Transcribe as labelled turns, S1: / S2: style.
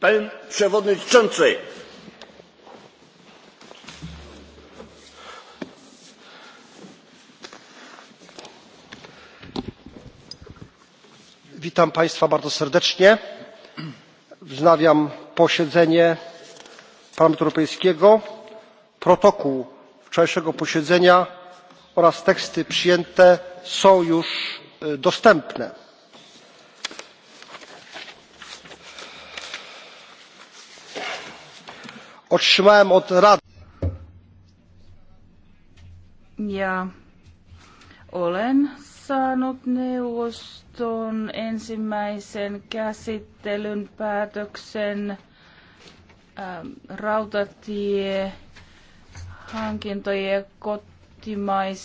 S1: Panie Przewodniczący!
S2: Witam Państwa bardzo serdecznie. Wznawiam posiedzenie Parlamentu Europejskiego. Protokół wczorajszego posiedzenia oraz teksty przyjęte są już dostępne. otrzymałem od Rady.
S3: Ja olen saanut neuvoston ensimmäisen käsittelyn päätöksen ähm, rautatie
S4: hankintojen kotimaisen